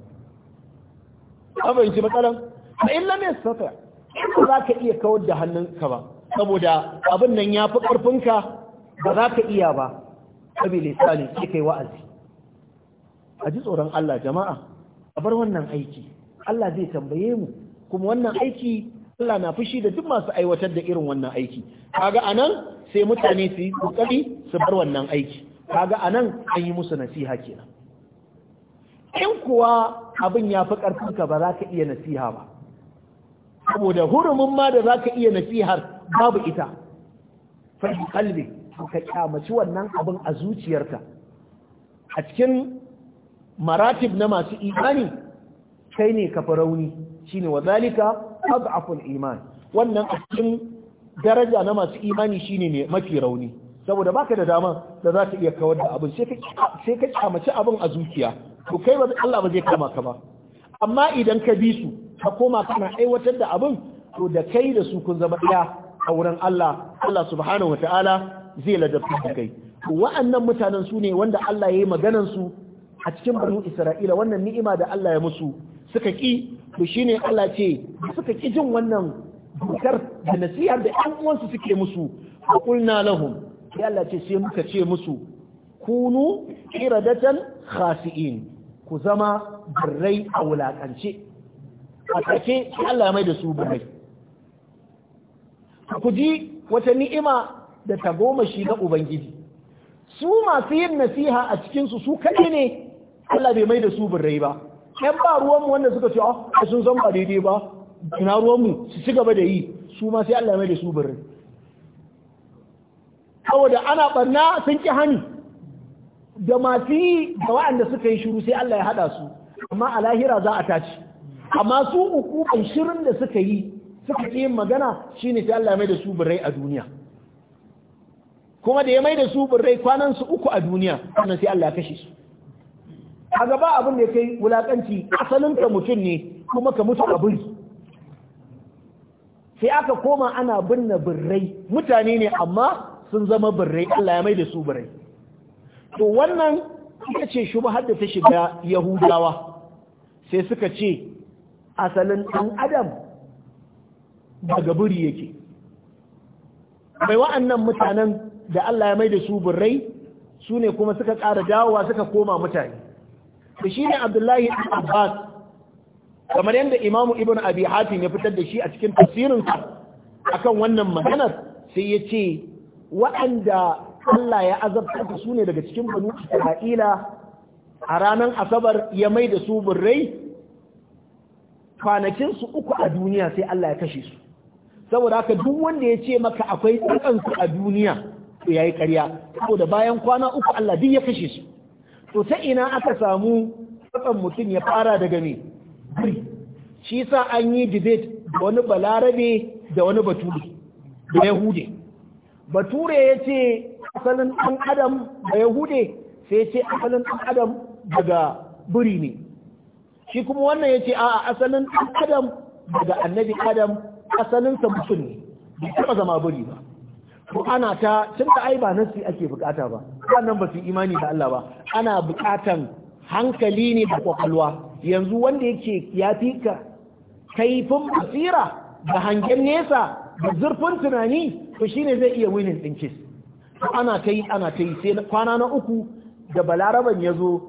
abin shi matsalan a in lam sata ba za ka iya kawar da hannunka ba saboda abin nan ya fi ƙarfinka ba za ka iya ba sabili tsali sai kai wa'azi a ji tsoron Allah jama'a a bar wannan aiki Allah zai tambaye mu kuma wannan aiki Allah na fushi da duk masu aiwatar da irin wannan aiki kaga anan sai mutane su yi kokari su bar wannan aiki kaga anan an yi musu nasiha kenan in kuwa abin ya fi ƙarfinka ba za ka iya nasiha ba saboda hurumin ma da za ka iya nasihar babu ita fahim kalbi ka kyamaci wannan abin a zuciyarka a cikin maratib na masu imani kai ne ka fi rauni ne wa zalika ad'aful iman wannan a cikin daraja na masu imani shine ne mafi rauni saboda baka da dama da za ka iya kawar da abin sai ka kyamaci abin a zuciya to kai ba Allah ba zai kama ka ba amma idan ka bi su ka koma kana aiwatar da abin to da kai da su kun zama ɗaya a wurin Allah Allah subhanahu wataala zai ladabta da kai wa'annan mutanen su ne wanda Allah ya yi maganan su a cikin banu Isra'ila wannan ni'ima da Allah ya musu suka ki to ne Allah ce suka ki jin wannan dokar da nasihar da ƴan uwansu suke musu a ƙulna lahum sai Allah ce sai muka ce musu kunu iradatan khasi'in ku zama birrai a wulaƙance. a take Allah mai da su birrai ku ji wata ni'ima da tagomashi na ubangiji su masu yin nasiha a cikinsu su kaɗai ne Allah bai mai da su birrai ba yan ba ruwanmu wanda suka ce a ah, sun san ba daidai ba ina ruwanmu su ci gaba da yi su ma sai Allah mai da su birnin saboda ana barna sun ki hani da masu yi da wa'anda suka yi shiru sai Allah ya hada su amma a lahira za a tashi amma su uku ban shirin da suka yi suka ƙi yin magana shine sai Allah mai da su birrai a duniya kuma da ya mai da su birrai kwanan su uku a duniya sannan sai Allah ya kashe su A gaba abin da kai wulakanci asalin ka mutum ne kuma ka mutu abin sai aka koma ana binne birrai mutane ne amma sun zama birrai Allah ya mai da su birrai to wannan ita ce har da ta shiga yahudawa sai suka ce asalin ɗan adam daga buri yake bai wa'annan mutanen da Allah ya mai da su birrai su ne kuma suka ƙara dawowa suka koma mutane to ne Abdullahi ibn Abbas kamar yadda Imam Ibn Abi Hatim ya fitar da shi a cikin a akan wannan maganar sai ya ce waɗanda Allah ya azabta su ne daga cikin banu Isra'ila a ranar Asabar ya mai da su burrai kwanakin su uku a duniya sai Allah ya kashe su saboda haka duk wanda ya ce maka akwai tsakansu a duniya to yayi karya saboda bayan kwana uku Allah duk ya kashe su to ta ina aka samu tsakan mutum ya fara daga me guri shi sa an yi debate da wani balarabe da wani bature da yahude bature ya ce asalin ɗan adam da yahude sai ce asalin ɗan adam daga buri ne shi kuma wannan ya ce a asalin ɗan adam daga annabi adam asalinsa mutum ne bai taɓa zama biri ba to ana ta tun da ai ba nasi ake bukata ba wannan ba su imani da Allah ba ana bukatan hankali ne da kwakwalwa yanzu wanda yake ya fi ka kaifin basira da hangen nesa da zurfin tunani to shine zai iya winin din kis ana ta ana ta yi sai kwana na uku da balaraban ya zo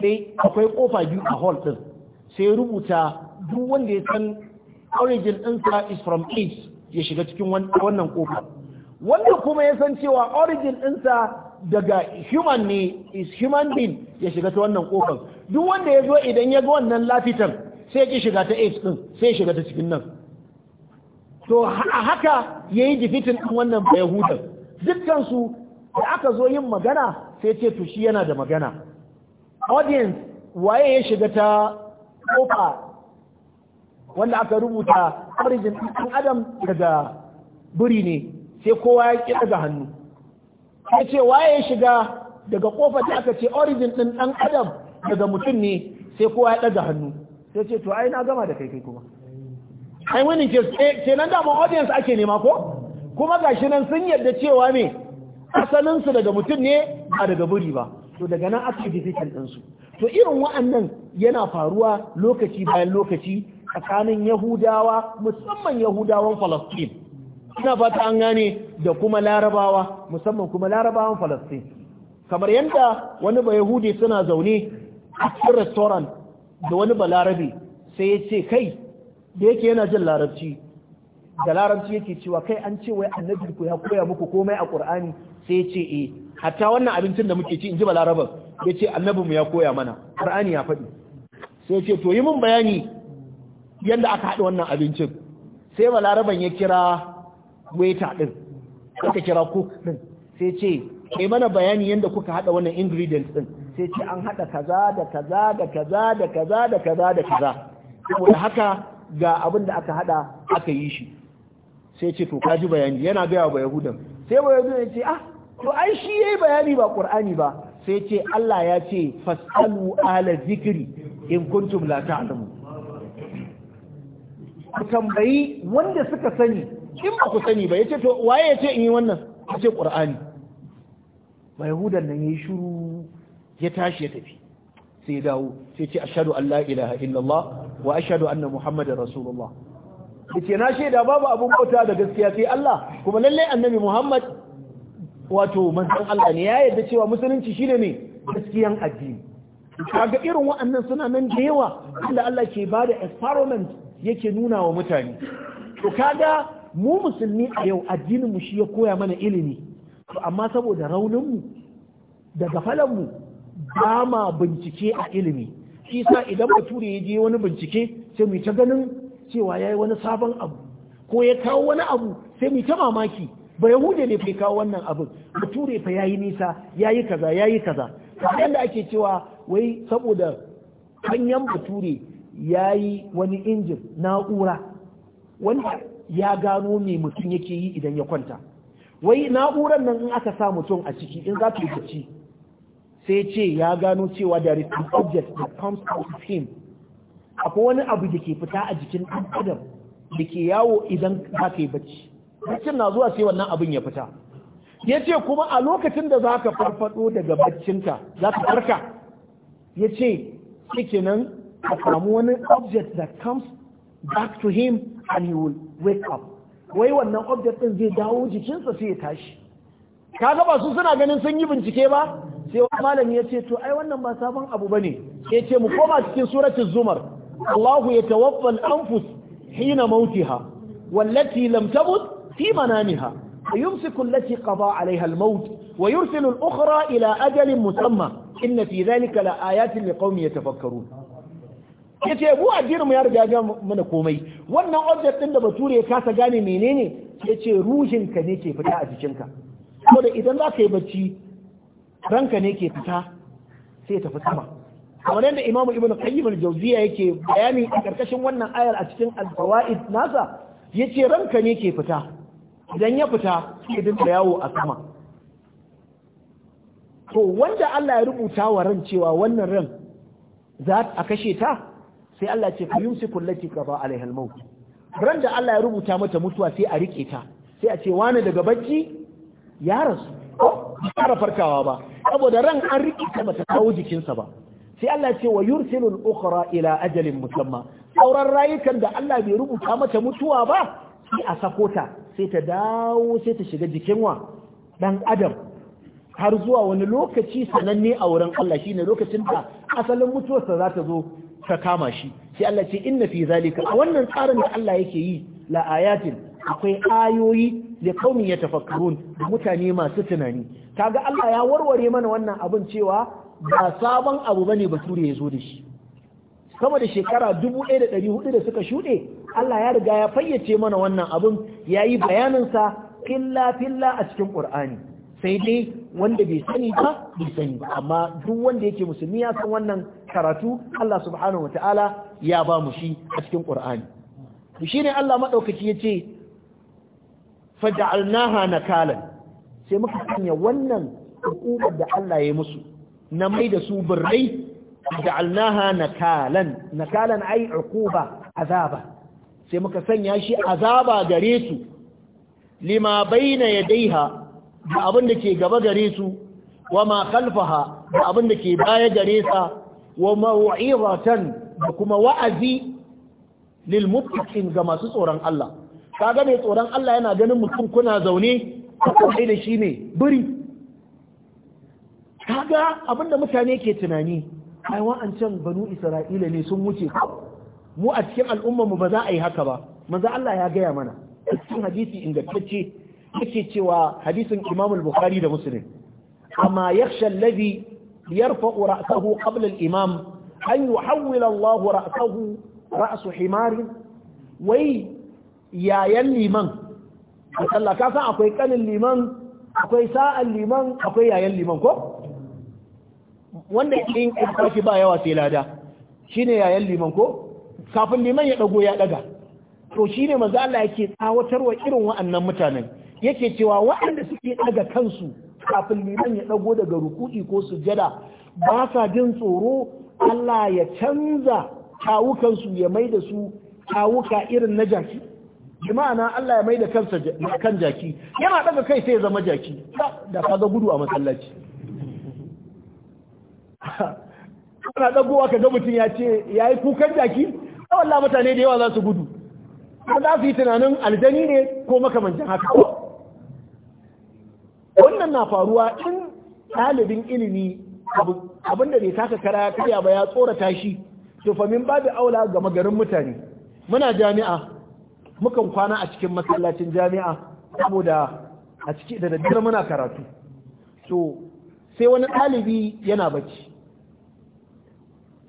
sai akwai kofa biyu a hall din sai rubuta duk wanda ya san origin ɗinsa is from east ya shiga cikin wannan kofa wanda kuma ya san cewa origin ɗinsa daga human ne is human being ya shiga ta wannan kofar duk wanda ya zo idan ya ga wannan lafitan sai ya shiga ta aids ɗin sai ya shiga ta cikin nan to a haka ya yi jifitin ɗin wannan bayahudan dukkansu da aka zo yin magana sai ce to shi yana da magana audience waye ya shiga ta kofa wanda aka rubuta origin ɗin adam daga biri ne sai kowa ya kira ga hannu ya ce waye shiga daga kofar da aka ce origin din dan adam daga mutum ne sai kowa ya daga hannu sai ce to ai na gama da kai kai kuma ai wani ke da mu audience ake nema ko kuma gashi nan sun yarda cewa me asalin su daga mutum ne ba daga buri ba to daga nan aka yi difficult din su to irin wa'annan yana faruwa lokaci bayan lokaci tsakanin yahudawa musamman yahudawan falastin ina fata an gane da kuma larabawa musamman kuma larabawan falastin kamar yadda wani ba yahudi suna zaune a cikin restoran da wani ba larabi sai ya ce kai da yake yana jin larabci da larabci yake cewa kai an ce wai annabi ku ya koya muku komai a qur'ani sai ya ce eh hatta wannan abincin da muke ci in ji ba laraban ya ce annabi mu ya koya mana qur'ani ya faɗi sai ya ce to yi min bayani yadda aka haɗa wannan abincin sai ba laraban ya kira Weta ɗin, aka kira ku ɗin. sai ce kai mana bayani yadda kuka haɗa wannan ingredients ɗin. sai ce an haɗa kaza da kaza da kaza da kaza da kaza da kaza saboda haka ga abin da aka haɗa aka yi shi sai ce to kaji bayani yana gaya wa yahudan sai wa yahudan ya ce ah to ai shi yayi bayani ba qur'ani ba sai ce Allah ya ce fasalu ala zikri in kuntum la ta'lamu ku tambayi wanda suka sani in ba ku sani ba ya ce to waye ya ce in yi wannan ce ƙur'ani? ba yahudan nan ya yi shiru ya tashi ya tafi sai ya dawo sai ce ashhadu an la ilaha illallah wa ashhadu anna muhammadar rasulullah yace na shaida babu abun bauta da gaskiya sai Allah kuma lalle annabi muhammad wato manzon Allah ne ya yarda cewa musulunci shine ne gaskiyan addini kaga irin wa'annan suna nan da yawa inda Allah ke ba da experiment yake nuna wa mutane to kaga mu musulmi a yau addinin mu shi ya koya mana ilimi amma saboda raunin mu da gafalan mu ba ma bincike a ilimi shi sa idan bature ya je wani bincike sai mu ta ganin cewa yayi wani sabon abu ko ya kawo wani abu sai mu ta mamaki ba yahude ne fa kawo wannan abin bature fa yayi nisa yayi kaza yayi kaza kamar da ake cewa wai saboda hanyar bature yayi wani injin na'ura wanda ya gano me mutum yake yi idan ya kwanta wai na'urar nan in aka sa mutum a ciki in za ta ci sai ce ya gano cewa da rikin object that comes out of him akwai wani abu da ke fita a jikin ɗan adam da ke yawo idan za ka yi bacci baccin na zuwa sai wannan abin ya fita ya ce kuma a lokacin da za ka farfaɗo daga baccinka za ka farka ya ce kenan a samu wani object that comes back to him and he will wake up wai wannan object din zai dawo jikinsa sai ya tashi kaga ba su suna ganin sun yi bincike ba sai wani malami ya ce to ai wannan ba sabon abu bane ya ce mu koma cikin suratun zumar Allahu ya tawaffan anfus hina mautiha wallati lam tamut fi manamiha ويمسك التي قضى عليها الموت ويرسل الأخرى إلى أجل مسمى إن في ذلك لآيات لقوم يتفكرون ya ce mu addinin mu ya riga ga mana komai wannan object din da bature ya kasa gane menene ya ce ka ne ke fita a jikinka saboda idan za ka yi bacci ranka ne ke fita sai ya tafi sama kamar yadda imam ibn qayyim al-jawziya yake bayani a karkashin wannan ayar a cikin al-fawaid nasa yace ranka ne ke fita idan ya fita sai dinka yawo a sama to wanda Allah ya rubuta wa ran cewa wannan ran za a kashe ta sai Allah ce fa yumsiku allati qada alaiha al-maut ran da Allah ya rubuta mata mutuwa sai a rike ta sai a ce wani daga bacci ya rasu fara farkawa ba saboda ran an rike ta bata kawo jikinsa ba sai Allah ce wa yursilu ukhra ila ajalin musamma sauran rayukan da Allah bai rubuta mata mutuwa ba sai a sako ta sai ta dawo sai ta shiga jikin wa dan adam har zuwa wani lokaci sananne a wurin Allah shine lokacin da asalin mutuwarsa za ta zo ka kama shi sai Allah ce inna fi zalika a wannan tsarin da Allah yake yi la ayatin akwai ayoyi da kaumi ya tafakkarun mutane masu tunani kaga Allah ya warware mana wannan abin cewa ba sabon abu bane bature ya zo da shi sama da shekara 1400 da suka shuɗe Allah ya riga ya fayyace mana wannan abin yayi bayanin sa filla filla a cikin Qur'ani sai dai wanda bai sani ba bai sani ba amma duk wanda yake musulmi ya san wannan karatu Allah subhanahu wataala ya ba mu shi a cikin Qur'ani to shine Allah madaukaki yace faj'alnaha nakalan sai muka sanya wannan hukumar da Allah ya musu na mai da su birrai ja'alnaha nakalan nakalan ai uquba azaba sai muka sanya shi azaba gare su lima baina yadaiha da abin da ke gaba gare su wa ma kalfaha da abin da ke baya gare sa wa mau'izatan da kuma wa'azi lil muttaqin ga masu tsoron Allah kaga mai tsoron Allah yana ganin mutum kuna zaune kai da shi ne buri kaga abinda mutane ke tunani ai wa'ancan banu Isra'ila ne sun wuce mu a cikin al'umma mu ba za a yi haka ba manzo Allah ya gaya mana cikin hadisi ingantacce yake cewa hadisin Imam al-Bukhari da Muslim amma yakhsha alladhi yarfa'u ra'sahu qabla al-imam an yuhawwila Allah ra'sahu ra'su himar wai yayan liman Allah ka san akwai kanin liman akwai sa'an liman akwai yayan liman ko wannan in kashi ba yawa sai lada shine yayan liman ko kafin liman ya dago ya daga to shine manzo Allah yake tsawatarwa irin wa'annan mutanen yake cewa waɗanda suke daga kansu kafin liman ya ɗago daga ruku'i ko sujjada ba sa jin tsoro Allah ya canza kawukansu ya mai da su kawuka irin na jaki bi ma'ana Allah ya mai da kansa kan jaki yana daga kai sai ya zama jaki da ga gudu a masallaci ana dagowa kaga mutum ya ce ya yi kukan jaki wallahi mutane da yawa za su gudu ba za su yi tunanin aljani ne ko makamancin haka na faruwa in ɗalibin ilimi abin da bai taka kara kariya ba ya tsorata shi to famin babu aula ga magarin mutane muna jami'a mukan kwana a cikin masallacin jami'a saboda a ciki da daddare muna karatu to sai wani ɗalibi yana bacci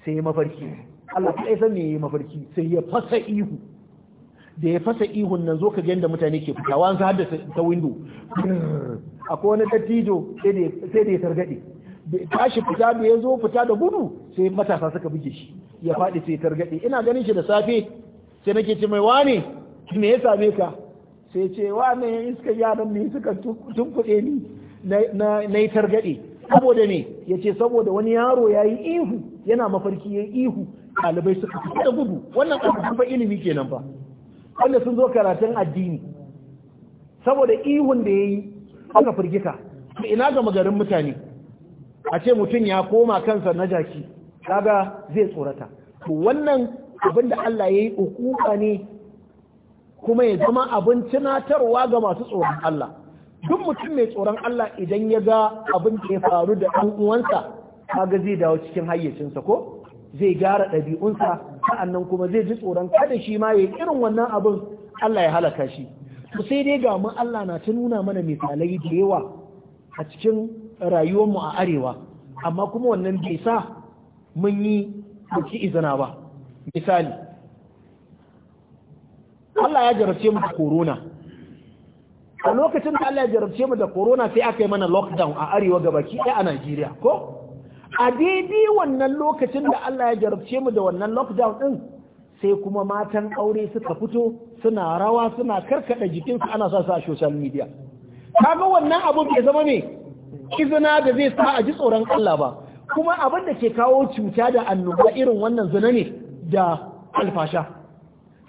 sai ya mafarki Allah ta san me ya mafarki sai ya fasa ihu da ya fasa ihun nan zo ka ga yadda mutane ke fitawa an sa haddasa ta window. akwai wani dattijo sai da ya targaɗe tashi fita da ya zo fita da gudu sai matasa suka buge shi ya faɗi sai targaɗe ina ganin shi da safe sai nake ce mai wane me ya same ka sai ce wane iska yaran ne suka tunkuɗe ni na yi targaɗe saboda ne, ya ce saboda wani yaro ya yi ihu yana mafarki ya ihu ɗalibai suka fita da gudu wannan ƙarfafan fa ilimi kenan ba wanda sun zo karatun addini saboda ihun da ya yi aka firgita ina ga magarin mutane a ce mutum ya koma kansa na jaki kaga zai tsorata to wannan abin da Allah ya yi ukuka ne kuma ya zama abin tunatarwa ga masu tsoron Allah duk mutum mai tsoron Allah idan ya ga abin da ya faru da ɗan uwansa kaga zai dawo cikin hayyacinsa ko zai gyara ɗabi'unsa sa'annan kuma zai ji tsoron kada shi ma ya irin wannan abin Allah ya halaka shi to sai dai ga mu Allah na ta nuna mana misalai da yawa a cikin rayuwarmu a arewa amma kuma wannan bai sa mun yi ɗauki izina ba misali Allah ya jarabce mu da corona a lokacin da Allah ya jarabce mu da corona sai aka yi mana lockdown a arewa gabaki ɗaya a Najeriya ko a daidai wannan lokacin da Allah ya jarabce mu da wannan lockdown ɗin sai kuma matan aure suka fito suna rawa suna karkada jikinsu ana sa su a social media kaga wannan abu bai zama ne izina da zai sa a ji tsoron Allah ba kuma abin da ke kawo cuta da annoba irin wannan zina ne da alfasha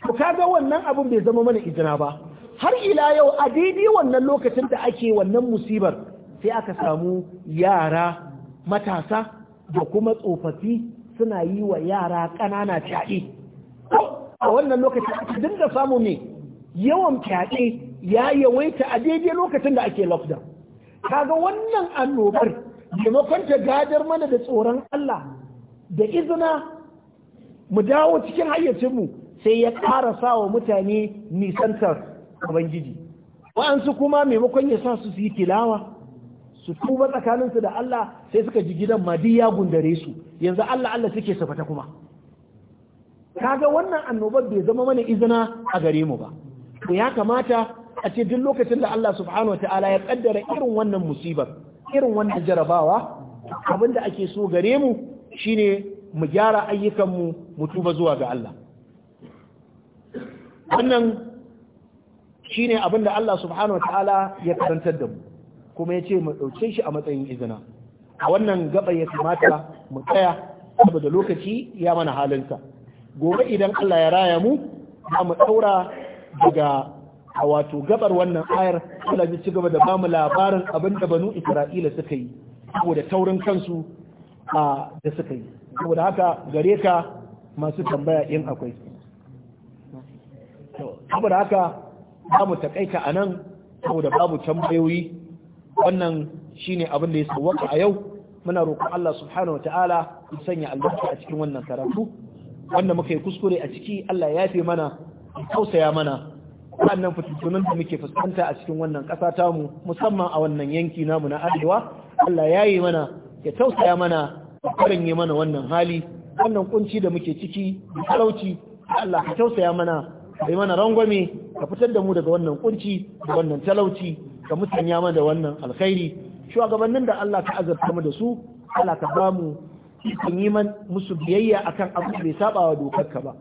to kaga wannan abin bai zama mana izina ba har ila yau a daidai wannan lokacin da ake wannan musibar sai aka samu yara matasa da kuma tsofaffi suna yi wa yara ƙanana fyaɗe a wannan lokacin aka dinga samu ne yawan fyaɗe ya yawaita a daidai lokacin da ake lockdown kaga wannan annobar maimakon ta gadar mana da tsoron Allah da izina mu dawo cikin hayyacinmu sai ya ƙara sa wa mutane nisantar Ubangiji. Wa'ansu kuma maimakon ya sa su su yi tilawa, su tuba tsakaninsu da Allah sai suka ji gidan ma ya gundare su, yanzu Allah Allah suke safata kuma. kaga wannan annobar bai zama mana izina a gare mu ba to ya kamata a ce duk lokacin da Allah subhanahu wataala ya kaddara irin wannan musibar irin wannan jarabawa abin da ake so gare mu shine mu gyara ayyukanmu mu tuba zuwa ga Allah wannan shine abin da Allah subhanahu wataala ya karantar da mu kuma ya ce mu ɗauke shi a matsayin izina a wannan gaba ya kamata mu tsaya saboda lokaci ya mana halinsa gobe idan Allah ya raya mu za mu daura daga a wato gabar wannan ayar Allah ya ci gaba da bamu labarin abin da banu Isra'ila suka yi saboda taurin kansu a da suka yi saboda haka gare ka masu tambaya in akwai saboda haka za mu takaita a nan saboda babu tambayoyi wannan shine abin da ya sauwaka a yau muna roƙon Allah subhanahu wa ta'ala ya sanya albarka a cikin wannan karatu wanda muka yi kuskure a ciki Allah ya yafe mana tausaya mana wannan fitattunan da muke fuskanta a cikin wannan ƙasa tamu musamman a wannan yanki namu na arewa Allah ya yi mana ya tausaya mana ya karanye mana wannan hali wannan kunci da muke ciki da talauci Allah ka tausaya mana yi mana rangwame ka fitar da mu daga wannan kunci da wannan talauci ka musanya mana da wannan alkhairi shugabannin da Allah ka azabta mu da su Allah ka ba mu ikon yi musu biyayya akan abin bai saba wa dokarka ba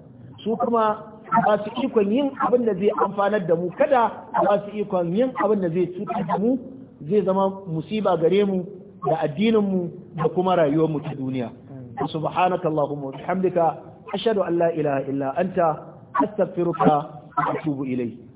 su kuma ba su ikon yin abin da zai amfanar da mu kada ba su ikon yin abin da zai cutar da mu zai zama musiba gare mu da addinin mu da kuma rayuwar mu ta duniya subhanaka allahumma wa bihamdika ashhadu an la ilaha illa anta astaghfiruka wa atubu ilayk